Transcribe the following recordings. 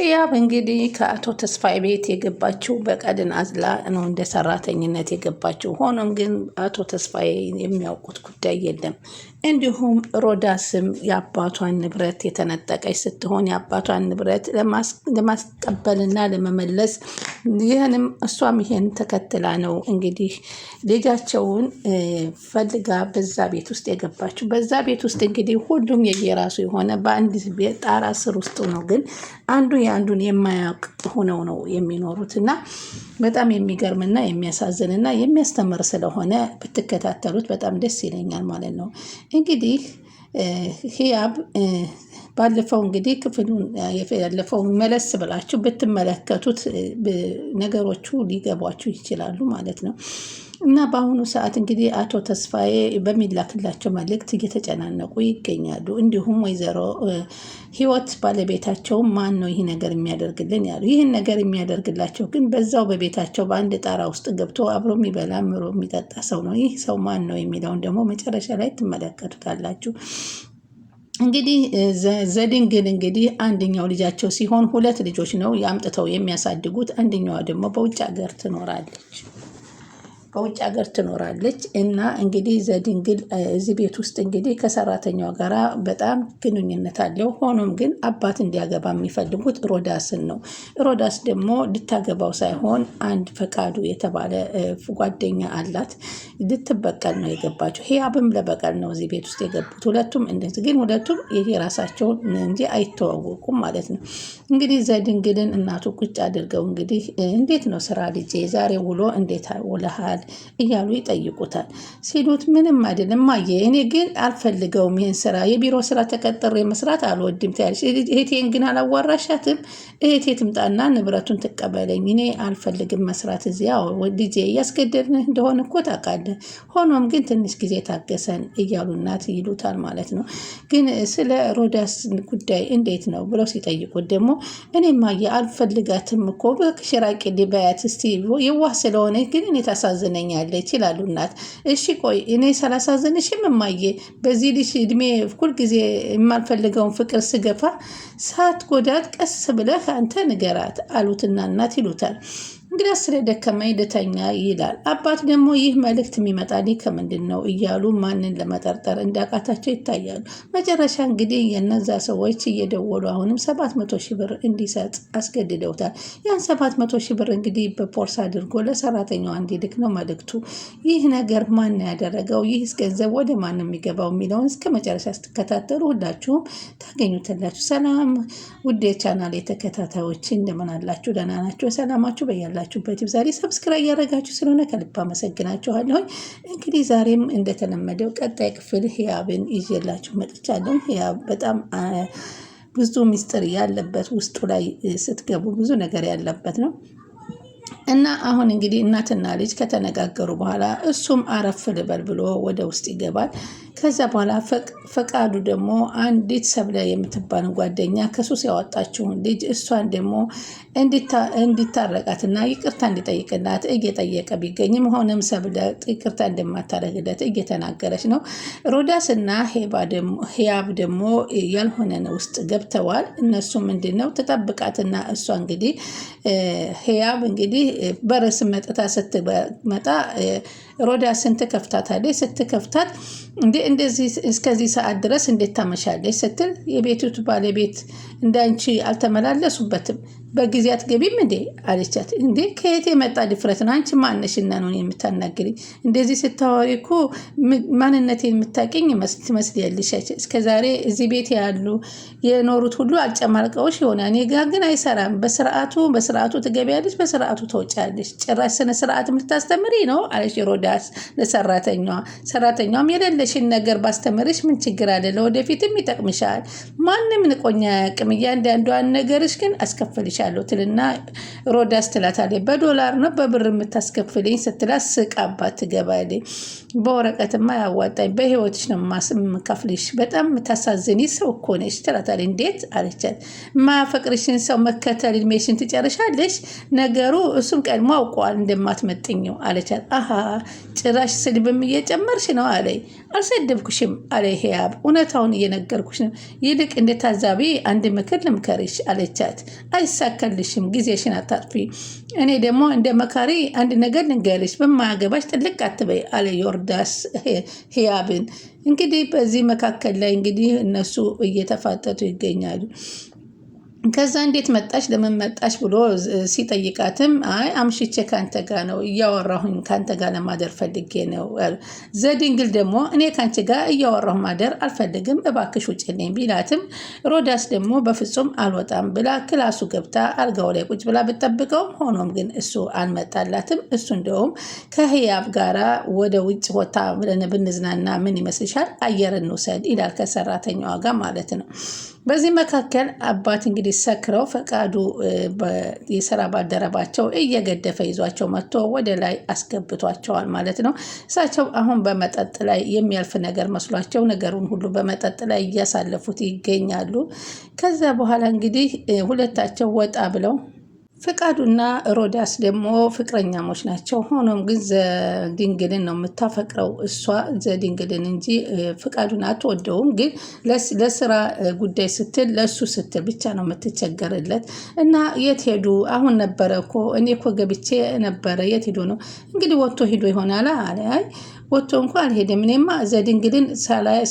ህያብ እንግዲህ ከአቶ ተስፋዬ ቤት የገባችው በቀድን አዝላ ነው እንደ ሰራተኝነት የገባችው። ሆኖም ግን አቶ ተስፋዬ የሚያውቁት ጉዳይ የለም። እንዲሁም ሮዳስም የአባቷን ንብረት የተነጠቀች ስትሆን የአባቷን ንብረት ለማስቀበልና ለመመለስ ይህንም እሷም ይሄን ተከትላ ነው እንግዲህ ልጃቸውን ፈልጋ በዛ ቤት ውስጥ የገባችው። በዛ ቤት ውስጥ እንግዲህ ሁሉም የየራሱ የሆነ በአንድ ጣራ ስር ውስጥ ነው ግን አንዱ የአንዱን የማያውቅ ሆነው ነው የሚኖሩት እና በጣም የሚገርምና የሚያሳዝንና የሚያስተምር ስለሆነ ብትከታተሉት በጣም ደስ ይለኛል ማለት ነው። እንግዲህ ሂያብ ባለፈው እንግዲህ ክፍሉን ያለፈው መለስ ብላችሁ ብትመለከቱት ነገሮቹ ሊገቧችሁ ይችላሉ ማለት ነው። እና በአሁኑ ሰዓት እንግዲህ አቶ ተስፋዬ በሚላክላቸው መልእክት እየተጨናነቁ ይገኛሉ። እንዲሁም ወይዘሮ ህይወት ባለቤታቸው ማን ነው ይህ ነገር የሚያደርግልን ያሉ። ይህን ነገር የሚያደርግላቸው ግን በዛው በቤታቸው በአንድ ጣራ ውስጥ ገብቶ አብሮ የሚበላ ምሮ የሚጠጣ ሰው ነው። ይህ ሰው ማን ነው የሚለውን ደግሞ መጨረሻ ላይ ትመለከቱታላችሁ። እንግዲህ ዘድንግል እንግዲህ አንደኛው ልጃቸው ሲሆን ሁለት ልጆች ነው የአምጥተው የሚያሳድጉት። አንደኛዋ ደግሞ በውጭ ሀገር ትኖራለች። በውጭ ሀገር ትኖራለች እና እንግዲህ ዘድንግል እዚህ ቤት ውስጥ እንግዲህ ከሰራተኛው ጋራ በጣም ግንኙነት አለው። ሆኖም ግን አባት እንዲያገባ የሚፈልጉት ሮዳስን ነው። ሮዳስ ደግሞ ልታገባው ሳይሆን አንድ ፈቃዱ የተባለ ጓደኛ አላት። ልትበቀል ነው የገባቸው። ህያብም ለበቀል ነው እዚህ ቤት ውስጥ የገቡት ሁለቱም። እንደዚህ ግን ሁለቱም የራሳቸውን እንጂ አይተዋወቁም ማለት ነው። እንግዲህ ዘድንግልን እናቱ ቁጭ አድርገው እንግዲህ እንዴት ነው ስራ ልጄ፣ ዛሬ ውሎ እንዴት ውለሃል ይሆናል እያሉ ይጠይቁታል። ሲሉት ምንም አይደለም እማዬ፣ እኔ ግን አልፈልገውም ይህን ስራ፣ የቢሮ ስራ ተቀጥሬ መስራት አልወድም ትያለች። እህቴን ግን አላዋራሻትም? እህቴ ትምጣና ንብረቱን ትቀበለኝ። እኔ አልፈልግም መስራት እዚያ ልጄ፣ እያስገደድን እንደሆነ እኮ ታውቃለህ። ሆኖም ግን ትንሽ ጊዜ ታገሰን እያሉ እናት ይሉታል ማለት ነው። ግን ስለ ሮዳስ ጉዳይ እንዴት ነው ብለው ሲጠይቁት ደግሞ እኔ ማየ አልፈልጋትም እኮ በክሽራቂ ሊበያት ስ የዋህ ስለሆነ ግን እኔ ታሳዘ ታሳዝነኛለች ይችላሉ እናት። እሺ ቆይ እኔ ሳላሳዝንሽም እማዬ በዚህ ልጅ እድሜ ሁል ጊዜ የማልፈልገውን ፍቅር ስገፋ ሳትጎዳት ቀስ ብለህ አንተ ንገራት አሉትና እናት ይሉታል። እንግዲያ ስለደከመኝ ልተኛ ይላል። አባት ደግሞ ይህ መልእክት የሚመጣልኝ ከምንድን ነው እያሉ ማንን ለመጠርጠር እንዳቃታቸው ይታያሉ። መጨረሻ እንግዲህ የነዛ ሰዎች እየደወሉ አሁንም ሰባት መቶ ሺ ብር እንዲሰጥ አስገድደውታል። ያን ሰባት መቶ ብር እንግዲህ በፖርስ አድርጎ ለሰራተኛዋ እንዲልክ ነው መልእክቱ። ይህ ነገር ማን ያደረገው፣ ይህስ ገንዘብ ወደ ማን የሚገባው የሚለውን እስከ መጨረሻ ስትከታተሉ ሁላችሁም ታገኙታላችሁ። ሰላም ውድ የቻናል የተከታታዮች እንደምን አላችሁ? ደህና ናችሁ? ሰላማችሁ በያላችሁ በያላችሁበት ዛሬ ሰብስክራይ እያደረጋችሁ ስለሆነ ከልብ አመሰግናችኋለሁ። እንግዲህ ዛሬም እንደተለመደው ቀጣይ ክፍል ህያብን ይዤላችሁ መጥቻለሁ። ህያብ በጣም ብዙ ሚስጥር ያለበት ውስጡ ላይ ስትገቡ ብዙ ነገር ያለበት ነው እና አሁን እንግዲህ እናትና ልጅ ከተነጋገሩ በኋላ እሱም አረፍ ልበል ብሎ ወደ ውስጥ ይገባል። ከዛ በኋላ ፈቃዱ ደግሞ አንዲት ሰብለ የምትባልን ጓደኛ ከሱስ ያወጣችውን ልጅ እሷን ደግሞ እንዲታረቃትና ይቅርታ እንዲጠይቅላት እየጠየቀ ቢገኝም ሆነም ሰብለ ይቅርታ እንደማታደርግለት እየተናገረች ነው። ሮዳስና ህያብ ደግሞ ያልሆነ ውስጥ ገብተዋል። እነሱ ምንድን ነው ተጠብቃትና እሷ እንግዲህ ህያብ እንግዲህ በረስ መጥታ ስትመጣ ሮዳስን ትከፍታታለች። ስትከፍታት እንዴ እንደዚህ እስከዚህ ሰዓት ድረስ እንዴት ታመሻለች ስትል የቤቱት ባለቤት እንዳንቺ አልተመላለሱበትም በጊዜ አትገቢም እንዴ አለቻት። እንዴ ከየት የመጣ ድፍረት ነው? አንቺ ማነሽና ነው የምታናግሪኝ? እንደዚህ ስታወሪ እኮ ማንነቴን የምታውቂኝ ትመስያለሽ። እስከዛሬ እዚህ ቤት ያሉ የኖሩት ሁሉ አጨማልቀውሽ ይሆናል። እኔ ጋር ግን አይሰራም። በስርዓቱ በስርዓቱ ትገቢያለሽ፣ በስርዓቱ ትወጫለሽ። ጭራሽ ስነ ስርዓት የምታስተምሪ ነው አለች ሮዳስ ለሰራተኛዋ። ሰራተኛዋም የሌለሽን ነገር ባስተምርሽ ምን ችግር አለ? ለወደፊትም ይጠቅምሻል። ማንም ንቆኛ ያቅም። እያንዳንዷን ነገርሽ ግን አስከፈልሽ ሰጥቻለሁ ትልና ሮዳስ ትላታለች። በዶላር ነው በብር የምታስከፍልኝ ስትላት ስቃባት ትገባለች። በወረቀትማ ያዋጣኝ በህይወትሽ ነው የምከፍልሽ። በጣም የምታሳዝኒ ሰው እኮ ነሽ ትላታለች። እንዴት አለቻት። ማፈቅርሽን ሰው መከተል እድሜሽን ትጨርሻለሽ። ነገሩ እሱም ቀድሞ አውቀዋል እንደማትመጥኝው አለቻት። አሀ ጭራሽ ስድብም እየጨመርሽ ነው አለይ። አልሰደብኩሽም አለ ህያብ። እውነታውን እየነገርኩሽ ነው። ይልቅ እንደ ታዛቢ አንድ ምክር ልምከርሽ አለቻት። አይሳ አልሳካልሽም፣ ጊዜሽን አታጥፊ። እኔ ደግሞ እንደ መካሪ አንድ ነገር ልንገርሽ፣ በማያገባሽ ጥልቅ አትበይ አለ ዮርዳስ ህያብን። እንግዲህ በዚህ መካከል ላይ እንግዲህ እነሱ እየተፋጠጡ ይገኛሉ። ከዛ እንዴት መጣሽ ለምን መጣሽ ብሎ ሲጠይቃትም አይ አምሽቼ ከአንተ ጋር ነው እያወራሁኝ ከአንተ ጋር ለማደር ፈልጌ ነው። ዘድንግል ደግሞ እኔ ከአንቺ ጋር እያወራሁ ማደር አልፈልግም፣ እባክሽ ውጭልኝ ቢላትም ሮዳስ ደግሞ በፍጹም አልወጣም ብላ ክላሱ ገብታ አልጋው ላይ ቁጭ ብላ ብጠብቀውም ሆኖም ግን እሱ አልመጣላትም። እሱ እንደውም ከህያብ ጋራ ወደ ውጭ ቦታ ብንዝናና ምን ይመስልሻል አየር እንውሰድ ይላል፣ ከሰራተኛዋ ጋር ማለት ነው በዚህ መካከል አባት እንግዲህ ሰክረው ፈቃዱ የስራ ባልደረባቸው እየገደፈ ይዟቸው መጥቶ ወደ ላይ አስገብቷቸዋል ማለት ነው። እሳቸው አሁን በመጠጥ ላይ የሚያልፍ ነገር መስሏቸው ነገሩን ሁሉ በመጠጥ ላይ እያሳለፉት ይገኛሉ። ከዛ በኋላ እንግዲህ ሁለታቸው ወጣ ብለው ፍቃዱና ሮዳስ ደግሞ ፍቅረኛሞች ናቸው። ሆኖም ግን ዘድንግልን ነው የምታፈቅረው። እሷ ዘድንግልን እንጂ ፍቃዱን አትወደውም። ግን ለስራ ጉዳይ ስትል ለእሱ ስትል ብቻ ነው የምትቸገርለት። እና የት ሄዱ? አሁን ነበረ እኮ እኔ እኮ ገብቼ ነበረ። የት ሄዶ ነው እንግዲህ? ወጥቶ ሄዶ ይሆናል። አይ ወጥቶ እንኳ አልሄደም። እኔማ ዘድንግልን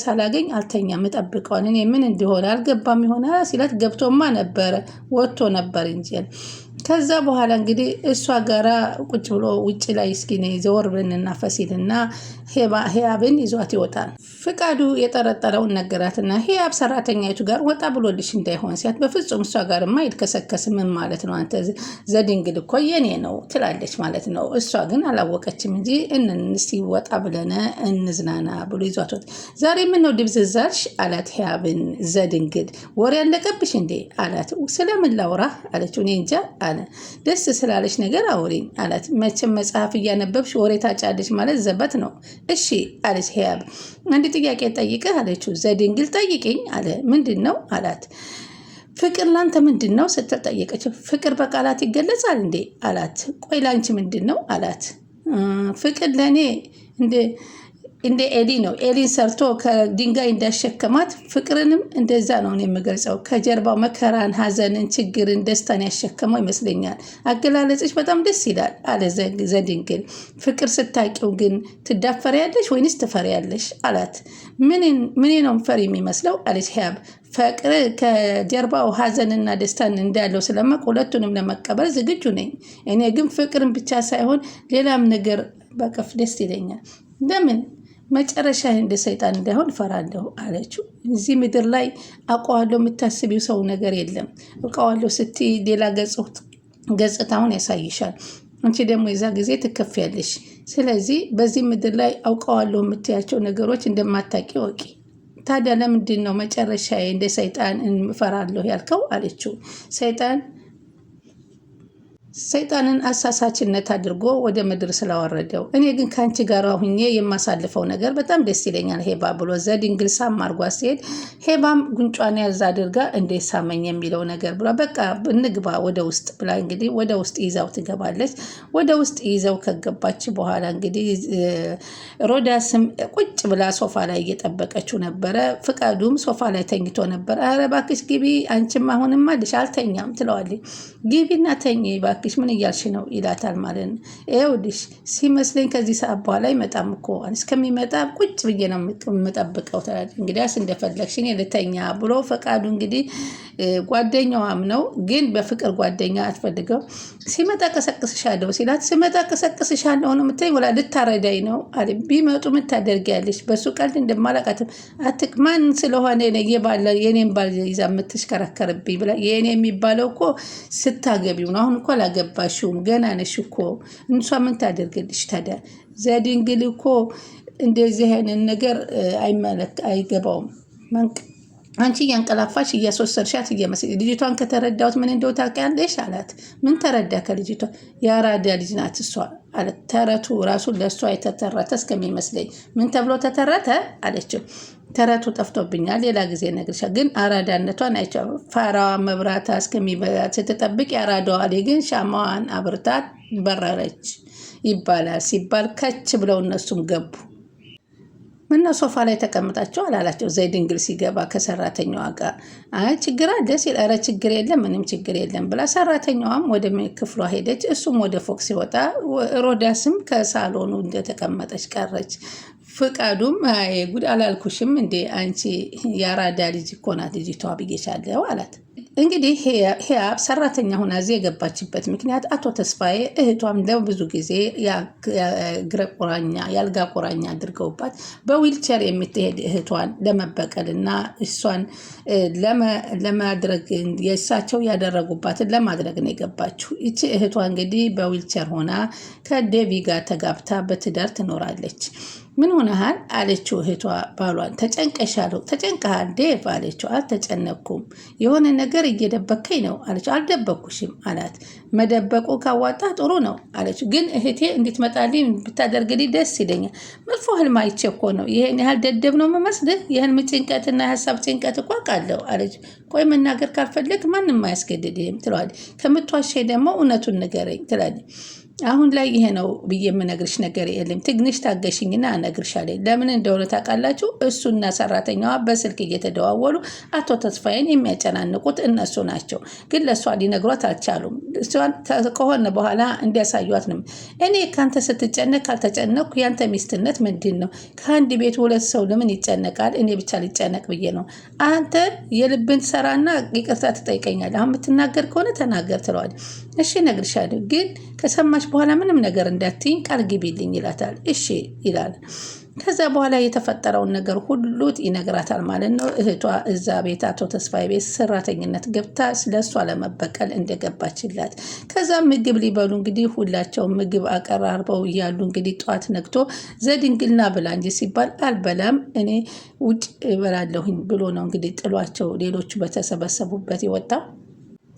ሳላገኝ አልተኛ እጠብቀዋል። እኔ ምን እንዲሆን አልገባም ይሆናል ሲላት፣ ገብቶማ ነበረ ወጥቶ ነበር እንጂ ከዛ በኋላ እንግዲህ እሷ ጋራ ቁጭ ብሎ ውጭ ላይ እስኪ ዘወር ብለን እናፈሲልና ህያብን ይዟት ይወጣል። ፍቃዱ የጠረጠረውን ነገራትና ህያብ ሰራተኛይቱ ጋር ወጣ ብሎልሽ እንዳይሆን ሲያት፣ በፍጹም እሷ ጋር ይልከሰከስ ምን ማለት ነው አንተ ዘድንግል እኮ የኔ ነው ትላለች ማለት ነው። እሷ ግን አላወቀችም እንጂ እንንስ ወጣ ብለን እንዝናና ብሎ ይዟት ወጣ። ዛሬ ምን ነው ድብዝዛሽ አላት ህያብን። ዘድንግል ወሬ አለቀብሽ እንዴ አላት። ስለምን ላውራ አለችው። እኔ እንጃ አለ አለ። ደስ ስላለች ነገር አውሪ አላት። መቼም መጽሐፍ እያነበብሽ ወሬ ታጫለች ማለት ዘበት ነው። እሺ አለች ሄያብ አንድ ጥያቄ ጠይቅህ አለችው። ዘድንግል ጠይቅኝ አለ። ምንድን ነው አላት። ፍቅር ላንተ ምንድን ነው ስትል ጠየቀችው። ፍቅር በቃላት ይገለጻል እንዴ አላት። ቆይ ላንቺ ምንድን ነው አላት። ፍቅር ለእኔ እንደ እንደ ኤሊ ነው። ኤሊን ሰርቶ ከድንጋይ እንዳሸከማት ፍቅርንም እንደዛ ነው የምገልጸው። ከጀርባ መከራን፣ ሐዘንን፣ ችግርን፣ ደስታን ያሸከመው ይመስለኛል። አገላለጽሽ በጣም ደስ ይላል አለ ግን ፍቅር ስታቂው ግን ትዳፈሪያለሽ ወይንስ ትፈሪያለሽ አላት። ምኔ ነው ፈሪ የሚመስለው አለች ህያብ። ፍቅር ከጀርባው ሐዘንና ደስታን እንዳለው ስለማቅ ሁለቱንም ለመቀበል ዝግጁ ነኝ። እኔ ግን ፍቅርን ብቻ ሳይሆን ሌላም ነገር በቀፍ ደስ ይለኛል። ለምን መጨረሻ እንደ ሰይጣን እንዳይሆን ፈራለሁ አለችው። እዚህ ምድር ላይ አውቀዋለሁ የምታስቢው ሰው ነገር የለም። አውቀዋለሁ ስትይ ሌላ ገጽታውን ያሳይሻል። አንቺ ደግሞ የዛ ጊዜ ትከፍያለሽ። ስለዚህ በዚህ ምድር ላይ አውቀዋለሁ የምትያቸው ነገሮች እንደማታቂ ወቂ። ታዲያ ለምንድን ነው መጨረሻ እንደ ሰይጣን እፈራለሁ ያልከው? አለችው ሰይጣን ሰይጣንን አሳሳችነት አድርጎ ወደ ምድር ስላወረደው እኔ ግን ከአንቺ ጋር ሁኜ የማሳልፈው ነገር በጣም ደስ ይለኛል ሄባ ብሎ ዘድንግል ሳም አድርጓ ሲሄድ ሄባም ጉንጯን ያዝ አድርጋ እንዴት ሳመኝ የሚለው ነገር ብሎ በቃ እንግባ ወደ ውስጥ ብላ እንግዲህ ወደ ውስጥ ይዛው ትገባለች። ወደ ውስጥ ይዘው ከገባች በኋላ እንግዲህ ሮዳስም ቁጭ ብላ ሶፋ ላይ እየጠበቀችው ነበረ። ፍቃዱም ሶፋ ላይ ተኝቶ ነበር። ኧረ እባክሽ ግቢ አንቺም አሁንም አልሽ አልተኛም ትለዋለች። ግቢና ተኝ እባክሽ እባክሽ ምን እያልሽ ነው ይላታል ማለት ነው። ይኸውልሽ ሲመስለኝ ከዚህ ሰዓት በኋላ ይመጣም እኮ እስከሚመጣ ቁጭ ብዬ ነው የምጠብቀው ትላለች። እንግዲያስ እንደፈለግሽ እኔ ልተኛ ብሎ ፈቃዱ እንግዲህ ጓደኛዋም ነው፣ ግን በፍቅር ጓደኛ አትፈልገው። ሲመጣ ቀሰቅስሻለሁ ሲላት ሲመጣ ቀሰቅስሻለሁ ነው የምታይ ወላ ልታረዳኝ ነው አለ። ቢመጡ ምን ምታደርጊያለሽ? በሱ ቀልድ እንደማላቃትም አትቅ ማን ስለሆነ የባለ የኔም ባል ይዛ የምትሽከረከርብኝ ብላ የኔ የሚባለው እኮ ስታገቢው ነው። አሁን እኮ ላገ አላገባሽውም ገና ነሽ እኮ እንሷ ምን ታደርግልሽ ታዲያ? ዘድንግል እኮ እንደዚህ አይነት ነገር አይገባውም። አንቺ እያንቀላፋሽ እያስወሰድሻት እየመሰለኝ ልጅቷን ከተረዳሁት ምን እንደው ታውቂያለሽ አላት። ምን ተረዳ ከልጅቷ? የአራዳ ልጅ ናት እሷ አለ። ተረቱ ራሱ ለእሷ የተተረተ እስከሚመስለኝ። ምን ተብሎ ተተረተ አለችው። ተረቱ ጠፍቶብኛል፣ ሌላ ጊዜ እነግርሻለሁ። ግን አራዳነቷን አይቻው ፋራዋ መብራታ እስከሚበላ ስትጠብቅ የአራዳዋ ላይ ግን ሻማዋን አብርታ በረረች ይባላል ሲባል ከች ብለው እነሱም ገቡ። ምነው ሶፋ ላይ ተቀምጣቸው አላላቸው። ዘይድ እንግል ሲገባ ከሰራተኛዋ ጋር አይ ችግር አለ ሲል ኧረ ችግር የለም ምንም ችግር የለም ብላ ሰራተኛዋም ወደ ክፍሏ ሄደች። እሱም ወደ ፎቅ ሲወጣ ሮዳስም ከሳሎኑ እንደተቀመጠች ቀረች። ፍቃዱም ጉድ አላልኩሽም እንዴ አንቺ ያራዳ ልጅ እኮ ናት ልጅቷ ብዬሻለሁ አላት። እንግዲህ ህያብ ሰራተኛ ሆና እዚህ የገባችበት ምክንያት አቶ ተስፋዬ እህቷም ለብዙ ጊዜ ግረ ቁራኛ የአልጋ ቁራኛ አድርገውባት በዊልቸር የምትሄድ እህቷን ለመበቀል እና እሷን ለማድረግ የእሳቸው ያደረጉባትን ለማድረግ ነው የገባችው። ይቺ እህቷ እንግዲህ በዊልቸር ሆና ከዴቪ ጋር ተጋብታ በትዳር ትኖራለች። ምን ሆነሃል አለችው እህቷ ባሏን። ተጨንቀሻለሁ ተጨንቀሃል ዴቭ አለችው። አልተጨነኩም፣ የሆነ ነገር እየደበከኝ ነው አለችው። አልደበኩሽም አላት። መደበቁ ካዋጣ ጥሩ ነው አለችው። ግን እህቴ እንድትመጣልኝ ብታደርግልኝ ደስ ይለኛል። መጥፎ ህልም አይቼ እኮ ነው። ይህን ያህል ደደብ ነው መመስልህ? የህልም ጭንቀትና የሀሳብ ጭንቀት እኮ አውቃለሁ አለችው። ቆይ መናገር ካልፈለግ ማንም አያስገድድህም ትለዋለች። ከምትዋሸኝ ደግሞ እውነቱን ንገረኝ ትላለች። አሁን ላይ ይሄ ነው ብዬ የምነግርሽ ነገር የለም። ትንሽ ታገሽኝና አነግርሻለሁ። ለምን እንደሆነ ታውቃላችሁ? እሱና ሰራተኛዋ በስልክ እየተደዋወሉ አቶ ተስፋዬን የሚያጨናንቁት እነሱ ናቸው። ግን ለእሷ ሊነግሯት አልቻሉም። እሷን ከሆነ በኋላ እንዲያሳዩት ነው። እኔ ከአንተ ስትጨነቅ ካልተጨነቅኩ ያንተ ሚስትነት ምንድን ነው? ከአንድ ቤት ሁለት ሰው ለምን ይጨነቃል? እኔ ብቻ ሊጨነቅ ብዬ ነው። አንተ የልብን ሰራና ይቅርታ ትጠይቀኛለህ። አሁን የምትናገር ከሆነ ተናገር ትለዋል። እሺ እነግርሻለሁ፣ ግን ከሰማሽ በኋላ ምንም ነገር እንዳትይኝ ቃል ግቢልኝ ይላታል። እሺ ይላል። ከዛ በኋላ የተፈጠረውን ነገር ሁሉ ይነግራታል ማለት ነው። እህቷ እዛ ቤት አቶ ተስፋዬ ቤት ሰራተኝነት ገብታ ስለሷ ለመበቀል እንደገባችላት። ከዛ ምግብ ሊበሉ እንግዲህ ሁላቸው ምግብ አቀራርበው እያሉ እንግዲህ ጠዋት ነግቶ ዘድንግልና ብላ እንጂ ሲባል አልበላም እኔ ውጭ እበላለሁኝ ብሎ ነው እንግዲህ ጥሏቸው ሌሎቹ በተሰበሰቡበት የወጣው።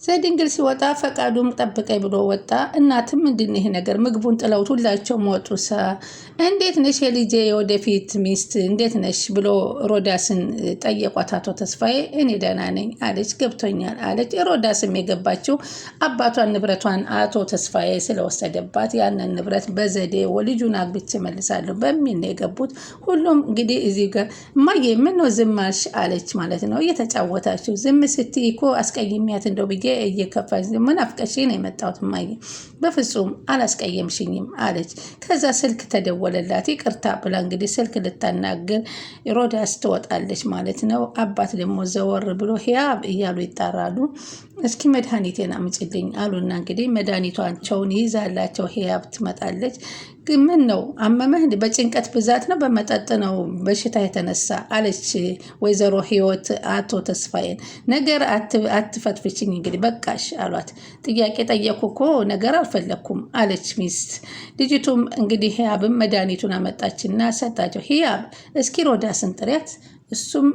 ዘድንግል ሲወጣ ፈቃዱም ጠብቀኝ ብሎ ወጣ። እናትም ምንድን ይሄ ነገር ምግቡን ጥለውት ሁላቸውም ወጡ። ሳ እንዴት ነሽ የልጄ የወደፊት ሚስት እንዴት ነሽ ብሎ ሮዳስን ጠየቋት። አቶ ተስፋዬ እኔ ደህና ነኝ አለች። ገብቶኛል አለች። ሮዳስም የገባችው አባቷን ንብረቷን አቶ ተስፋዬ ስለወሰደባት ያንን ንብረት በዘዴ ወልጁን አግብቼ እመልሳለሁ በሚል ነው የገቡት። ሁሉም እንግዲህ እዚህ ጋር እማዬ ምነው ዝም አልሽ አለች ማለት ነው። እየተጫወታችሁ ዝም ስትይ እኮ አስቀይሚያት እንደው ብዬ እየከፋች ምን አፍቀሽ ነው የመጣሁት እማዬ፣ በፍጹም አላስቀየምሽኝም አለች። ከዛ ስልክ ተደወለላት። ይቅርታ ብላ እንግዲህ ስልክ ልታናግር ሮዳስ ትወጣለች ማለት ነው። አባት ደግሞ ዘወር ብሎ ህያብ እያሉ ይጣራሉ። እስኪ መድኃኒቴን አምጪልኝ አሉና እንግዲህ መድኃኒቷቸውን ይዛላቸው ህያብ ትመጣለች። ምን ነው አመመህ? በጭንቀት ብዛት ነው በመጠጥ ነው በሽታ የተነሳ አለች ወይዘሮ ህይወት አቶ ተስፋዬን። ነገር አትፈትፍችኝ እንግዲህ በቃሽ አሏት። ጥያቄ ጠየኩ እኮ ነገር አልፈለግኩም አለች ሚስት። ልጅቱም እንግዲህ ህያብም መድኃኒቱን አመጣችና ሰጣቸው። ህያብ እስኪ ሮዳስን ጥሪያት እሱም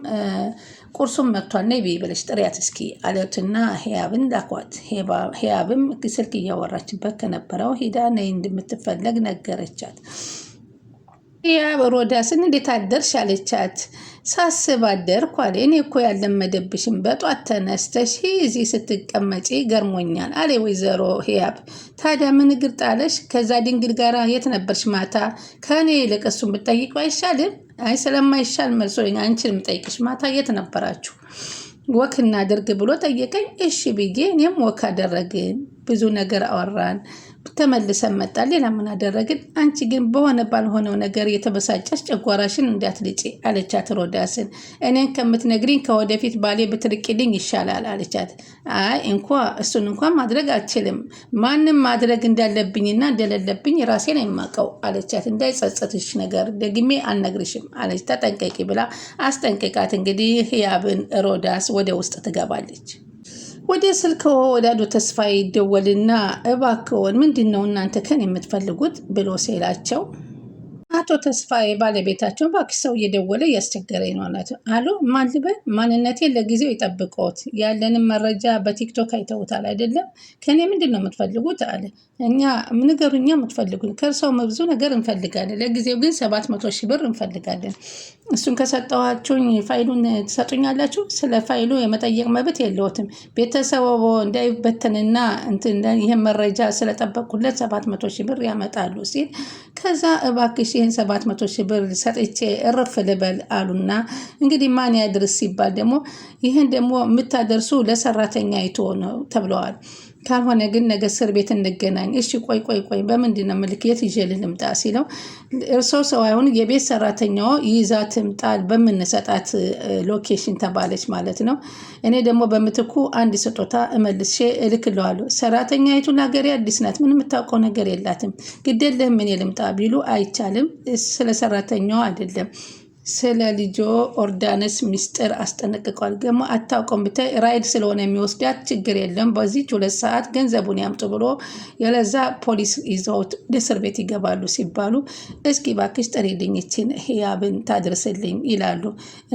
ቁርሱም መጥቷል ነይ ብይ ብለሽ ጥሪያት እስኪ አለትና ህያብን ላኳት። ህያብም ስልክ እያወራችበት ከነበረው ሂዳ ነይ እንደምትፈለግ ነገረቻት። ህያብ ሮዳስን እንዴት አደርሽ አለቻት። ሳስብ አደርኩ አለ። እኔ እኮ ያለመደብሽም በጧት ተነስተሽ እዚህ ስትቀመጪ ገርሞኛል አለ ወይዘሮ ህያብ። ታዲያ ምን እግር ጣለሽ? ከዛ ድንግል ጋር የት ነበርሽ ማታ? ከእኔ ይልቅ እሱን ብትጠይቂው አይሻልም? አይ ስለማይሻል መልሶ አንቺን ምጠይቅሽ ማታ የት ነበራችሁ? ወክ እናድርግ ብሎ ጠየቀኝ። እሺ ብዬ እኔም ወክ አደረግን። ብዙ ነገር አወራን። ተመልሰን መጣል ሌላ ምን አደረግን? አንቺ ግን በሆነ ባልሆነው ነገር የተበሳጫሽ ጨጓራሽን እንዳትልጪ አለቻት ሮዳስን። እኔን ከምትነግሪኝ ከወደፊት ባሌ ብትርቂልኝ ይሻላል አለቻት። አይ እንኳ እሱን እንኳ ማድረግ አልችልም። ማንም ማድረግ እንዳለብኝና እንደሌለብኝ ራሴን የማውቀው አለቻት። እንዳይጸጸትሽ ነገር ደግሜ አልነግርሽም አለች። ተጠንቀቂ ብላ አስጠንቅቃት እንግዲህ ህያብን ሮዳስ ወደ ውስጥ ትገባለች። ወደ ስልክ ወዳዶ ተስፋ ይደወልና እባክዎን ምንድን ነው እናንተ ከን የምትፈልጉት ብሎ ሲላቸው አቶ ተስፋዬ ባለቤታቸው እባክሽ ሰው እየደወለ እያስቸገረኝ ነው አሎ ማን ልበል? ማንነቴን ለጊዜው ይጠብቀዎት። ያለንም መረጃ በቲክቶክ አይተውታል አይደለም? ከእኔ ምንድን ነው የምትፈልጉት አለ። እኛ እኛ የምትፈልጉን ከእርሰው ብዙ ነገር እንፈልጋለን። ለጊዜው ግን ሰባት መቶ ሺህ ብር እንፈልጋለን። እሱን ከሰጠኋችሁኝ ፋይሉን ትሰጡኛላችሁ? ስለ ፋይሉ የመጠየቅ መብት የለውትም ቤተሰቦ እንዳይበተንና ይህን መረጃ ስለጠበቅኩለት ሰባት መቶ ሺህ ብር ያመጣሉ ሲል ከዛ እባክሽ ይህን ሰባት መቶ ሺህ ብር ሰጥቼ እርፍ ልበል አሉና እንግዲህ ማን ያድርስ ሲባል ደግሞ ይህን ደግሞ የምታደርሱ ለሰራተኛ ይትሆነው ተብለዋል። ካልሆነ ግን ነገ እስር ቤት እንገናኝ። እሺ ቆይ ቆይ ቆይ በምንድን ነው ምልክት ይዤ ልምጣ ሲለው እርሶ ሰው አይሁን የቤት ሰራተኛ ይዛ ትምጣ በምንሰጣት ሎኬሽን ተባለች ማለት ነው። እኔ ደግሞ በምትኩ አንድ ስጦታ እመልሼ እልክለዋለሁ። ሰራተኛይቱ ሀገሬ አዲስ ናት፣ ምን የምታውቀው ነገር የላትም። ግዴለህም እኔ ልምጣ ቢሉ አይቻልም። ስለ ሰራተኛው አይደለም ስለ ልጆ ኦርዳነስ ሚስጥር አስጠነቅቋል። ደግሞ አታውቀውም ብተ ራይድ ስለሆነ የሚወስዳት ችግር የለም በዚች ሁለት ሰዓት ገንዘቡን ያምጡ ብሎ የለዛ ፖሊስ ይዘውት እስር ቤት ይገባሉ ሲባሉ እስኪ ባክሽ ጥሪልኝ ይችን ህያብን ታድርስልኝ ይላሉ።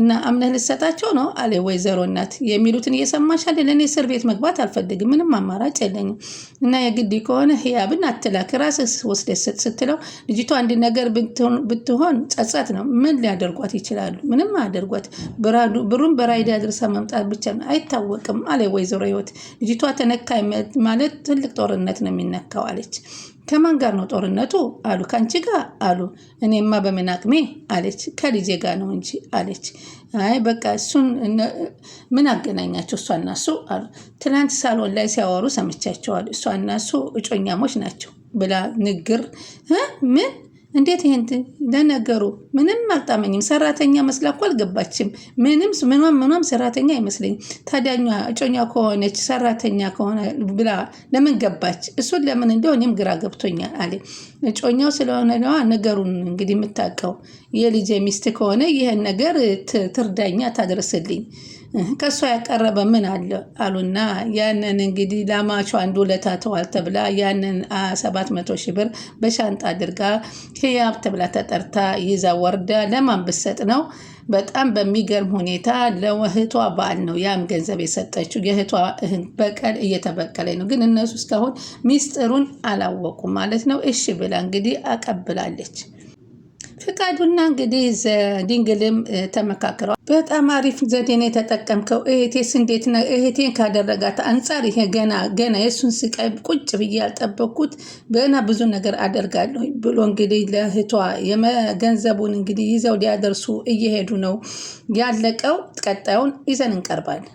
እና አምነህ ልሰጣቸው ነው አለ ወይዘሮ እናት። የሚሉትን እየሰማሽ አይደል? እኔ እስር ቤት መግባት አልፈልግም፣ ምንም አማራጭ የለኝም እና የግድ ከሆነ ህያብን አትላክ ራስህ ወስደህ ስትለው ልጅቷ አንድ ነገር ብትሆን ጸጸት ነው ምን ሊያደርጉ ሊያደርጓት ይችላሉ። ምንም አያደርጓት። ብሩን በራይድ አድርሳ መምጣት ብቻ ነው አይታወቅም አለ ወይዘሮ ህይወት። ልጅቷ ተነካ ማለት ትልቅ ጦርነት ነው የሚነካው አለች። ከማን ጋር ነው ጦርነቱ አሉ። ከአንቺ ጋር አሉ። እኔማ በምን አቅሜ አለች። ከልጄ ጋር ነው እንጂ አለች። አይ በቃ እሱን ምን አገናኛቸው እሷና እሱ አሉ። ትናንት ሳሎን ላይ ሲያወሩ ሰምቻቸዋል። እሷና እሱ እጮኛሞች ናቸው ብላ ንግር ምን እንዴት ይህን ለነገሩ ምንም አልጣመኝም። ሰራተኛ መስላ እኮ አልገባችም። ምንም ምኗም ምኗም ሰራተኛ አይመስለኝም። ታዲያኛ እጮኛ ከሆነች ሰራተኛ ከሆነ ብላ ለምን ገባች? እሱን ለምን እንደው እኔም ግራ ገብቶኛል አለ። እጮኛው ስለሆነ ነዋ ነገሩን እንግዲህ የምታውቀው የልጄ ሚስት ከሆነ ይህን ነገር ትርዳኛ ታደርስልኝ ከእሷ ያቀረበ ምን አለ አሉና ያንን እንግዲህ ላማቹ አንድ ውለታ ተዋል ተብላ ያንን ሰባት መቶ ሺህ ብር በሻንጣ አድርጋ ህያብ ተብላ ተጠርታ ይዛ ወርዳ ለማን ብሰጥ ነው? በጣም በሚገርም ሁኔታ ለእህቷ ባል ነው ያም ገንዘብ የሰጠችው። የእህቷ በቀል እየተበቀለኝ ነው፣ ግን እነሱ እስካሁን ሚስጥሩን አላወቁም ማለት ነው። እሺ ብላ እንግዲህ አቀብላለች። ፍቃዱና እንግዲህ ዘድንግልም ተመካክረዋል። በጣም አሪፍ ዘዴን የተጠቀምከው እህቴስ እንዴት ነው? እህቴን ካደረጋት አንጻር ይሄ ገና ገና የእሱን ስቃይ ቁጭ ብዬ ያልጠበኩት ገና ብዙ ነገር አደርጋለሁ ብሎ እንግዲህ ለእህቷ የመገንዘቡን እንግዲህ ይዘው ሊያደርሱ እየሄዱ ነው ያለቀው። ቀጣዩን ይዘን እንቀርባለን።